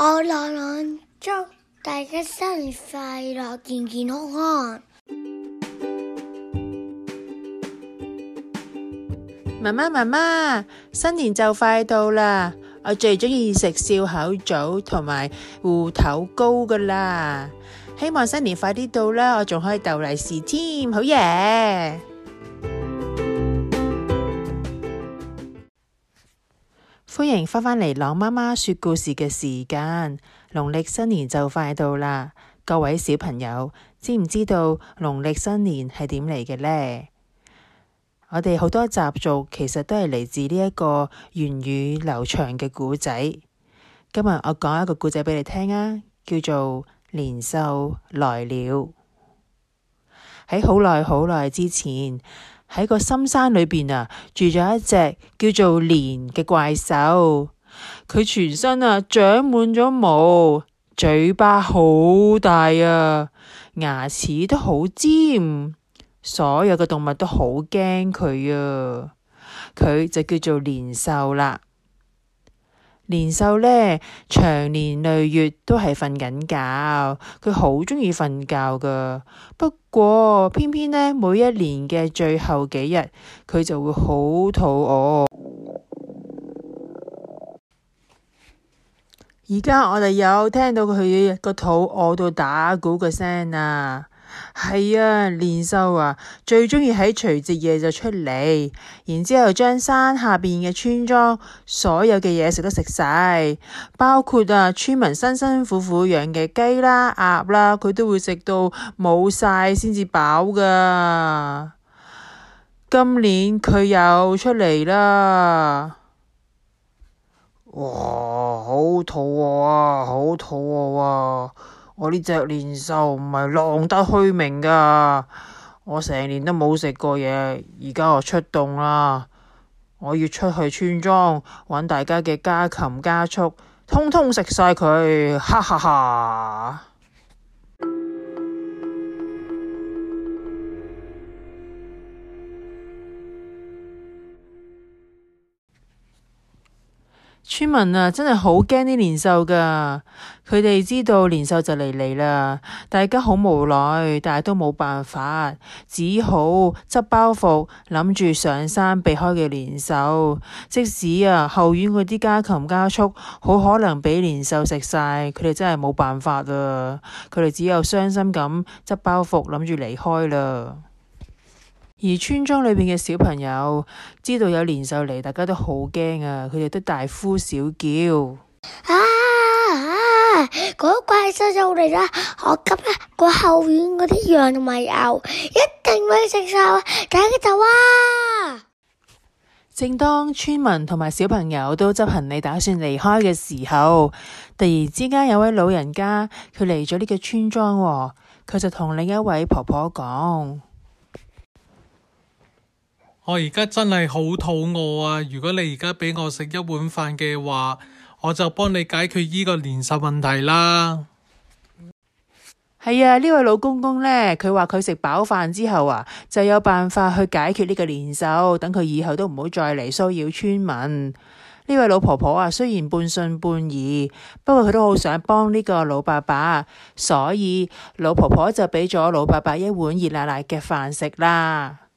我攞攞祝大家新年快樂，健健康康。媽媽媽媽，新年就快到啦！我最中意食笑口棗同埋芋頭糕噶啦，希望新年快啲到啦，我仲可以逗利是添，好耶！.歡迎返返嚟朗媽媽說故事嘅時間，農曆新年就快到啦！各位小朋友，知唔知道農曆新年係點嚟嘅呢？我哋好多習俗其實都係嚟自呢一個源遠流長嘅古仔。今日我講一個故仔俾你聽啊，叫做《年獸來了》。喺好耐好耐之前，喺個深山裏邊啊，住咗一隻叫做年嘅怪獸，佢全身啊長滿咗毛，嘴巴好大啊，牙齒都好尖，所有嘅動物都好驚佢啊，佢就叫做年獸啦。年獸呢，長年累月都係瞓緊覺，佢好鍾意瞓覺噶。不過偏偏呢，每一年嘅最後幾日，佢就會好肚餓。而家我哋有聽到佢個肚餓到打鼓嘅聲啦。係啊，年獸啊，最鍾意喺除夕夜就出嚟，然之後將山下邊嘅村莊所有嘅嘢食都食晒，包括啊村民辛辛苦苦養嘅雞啦、鴨啦，佢都會食到冇晒先至飽㗎。今年佢又出嚟啦，哇，好肚餓啊，好肚餓啊！我呢隻年獸唔係浪得虛名㗎，我成年都冇食過嘢，而家我出動啦，我要出去村莊搵大家嘅家禽家畜，通通食晒佢，哈哈哈！村民啊，真係好驚啲年獸噶。佢哋知道年獸就嚟嚟啦，大家好無奈，但係都冇辦法，只好執包袱諗住上山避開嘅年獸。即使啊後院嗰啲家禽家畜好可能俾年獸食曬，佢哋真係冇辦法啊。佢哋只有傷心咁執包袱諗住離開啦。而村莊裏面嘅小朋友知道有年獸嚟，大家都好驚啊！佢哋都大呼小叫：啊，嗰、啊那個、怪獸嚟啦！我急啦！嗰個後院嗰啲羊同埋牛一定會食晒，大家走啊！正當村民同埋小朋友都執行李打算離開嘅時候，突然之間有位老人家佢嚟咗呢個村莊，佢就同另一位婆婆講。我而家真係好肚餓啊！如果你而家俾我食一碗飯嘅話，我就幫你解決呢個年獸問題啦。係啊，呢位老公公呢，佢話佢食飽飯之後啊，就有辦法去解決呢個年獸，等佢以後都唔好再嚟騷擾村民。呢位老婆婆啊，雖然半信半疑，不過佢都好想幫呢個老伯伯，所以老婆婆就俾咗老伯伯一碗熱辣辣嘅飯食啦。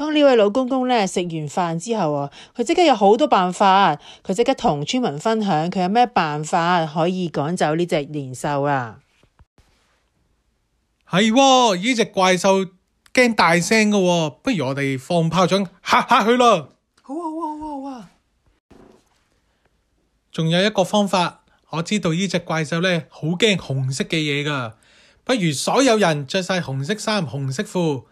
當呢位老公公咧食完飯之後，佢即刻有好多辦法，佢即刻同村民分享佢有咩辦法可以趕走呢隻年獸啊！係喎，呢隻怪獸驚大聲噶喎不如我哋放炮仗嚇嚇佢啦！好好啊，好啊好啊！仲有一個方法，我知道呢隻怪獸咧好驚紅色嘅嘢噶不如所有人着晒紅色衫、紅色褲。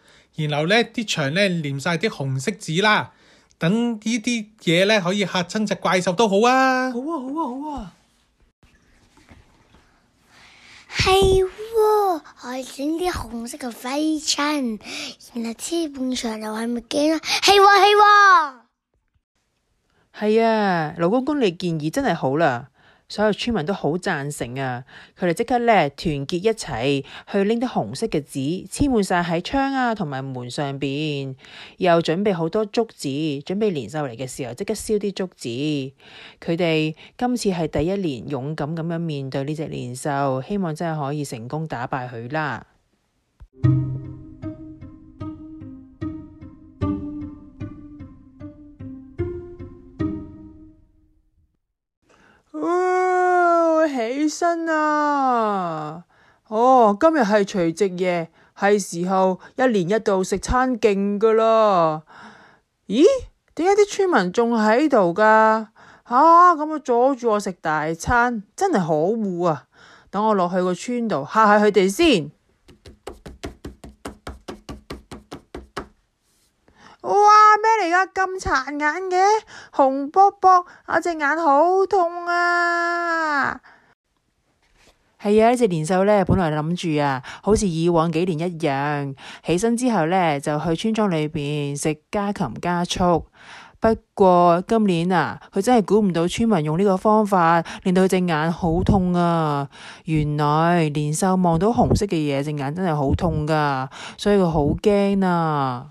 然後呢啲牆呢，粘晒啲紅色紙啦，等呢啲嘢，呢可以嚇親隻怪獸都好啊！好啊，好啊，好啊！係喎、啊，可以整啲紅色嘅揮春，然後基本上就係咪驚啦？係喎，係喎！係啊，老、啊啊、公公，你建議真係好啦。所有村民都好贊成啊！佢哋即刻呢團結一齊去拎啲紅色嘅紙，黐滿晒喺窗啊同埋門上面，又準備好多竹子，準備年獸嚟嘅時候即刻燒啲竹子。佢哋今次係第一年勇敢咁樣面對呢隻年獸，希望真係可以成功打敗佢啦。真啊！哦，今日係除夕夜，係時候一年一度食餐勁噶啦。咦？點解啲村民仲喺度噶？吓！咁啊！阻住我食大餐，真係可惡啊！等我落去個村度嚇下佢哋先。哇！咩嚟噶咁殘眼嘅？紅卜卜，我隻眼好痛啊！係啊，哎、隻呢隻年獸咧，本來諗住啊，好似以往幾年一樣，起身之後咧就去村莊裏邊食家禽家畜。不過今年啊，佢真係估唔到村民用呢個方法，令到佢隻眼好痛啊！原來年獸望到紅色嘅嘢，隻眼真係好痛噶，所以佢好驚啊！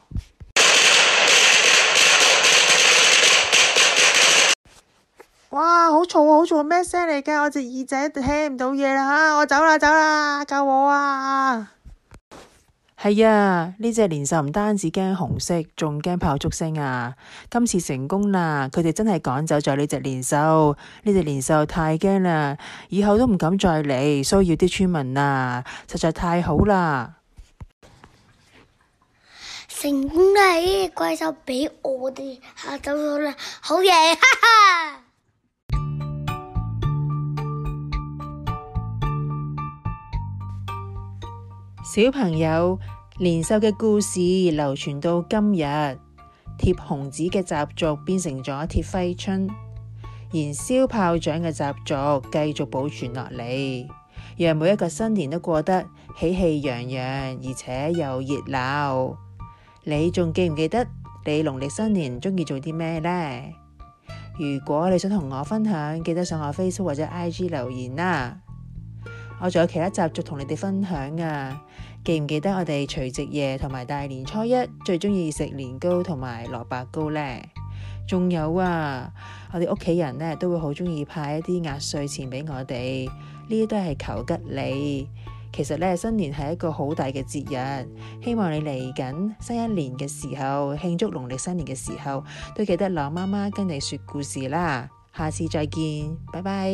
哇！好嘈啊，好嘈咩聲嚟嘅？我隻耳仔聽唔到嘢啦，吓！我走啦，走啦，救我啊！係啊，呢 隻年獸唔單止驚紅色，仲驚炮竹聲啊！今次成功啦，佢哋真係趕走咗呢隻年獸。呢隻年獸太驚啦，以後都唔敢再嚟，騷擾啲村民啊，實在太好啦！成功啦！怪獸俾我哋嚇到咗啦，好嘢！哈哈。小朋友，年獸嘅故事流傳到今日，貼紅紙嘅習俗變成咗貼揮春，燃燒炮仗嘅習俗繼續保存落嚟，讓每一個新年都過得喜氣洋洋，而且又熱鬧。你仲記唔記得你農曆新年鍾意做啲咩呢？如果你想同我分享，記得上我 Facebook 或者 IG 留言啦。我仲有其他習俗同你哋分享啊！記唔記得我哋除夕夜同埋大年初一最中意食年糕同埋蘿蔔糕呢？仲有啊，我哋屋企人呢都會好中意派一啲壓歲錢俾我哋，呢啲都係求吉利。其實呢，新年係一個好大嘅節日，希望你嚟緊新一年嘅時候慶祝農曆新年嘅時候，都記得留媽媽跟你說故事啦。下次再見，拜拜。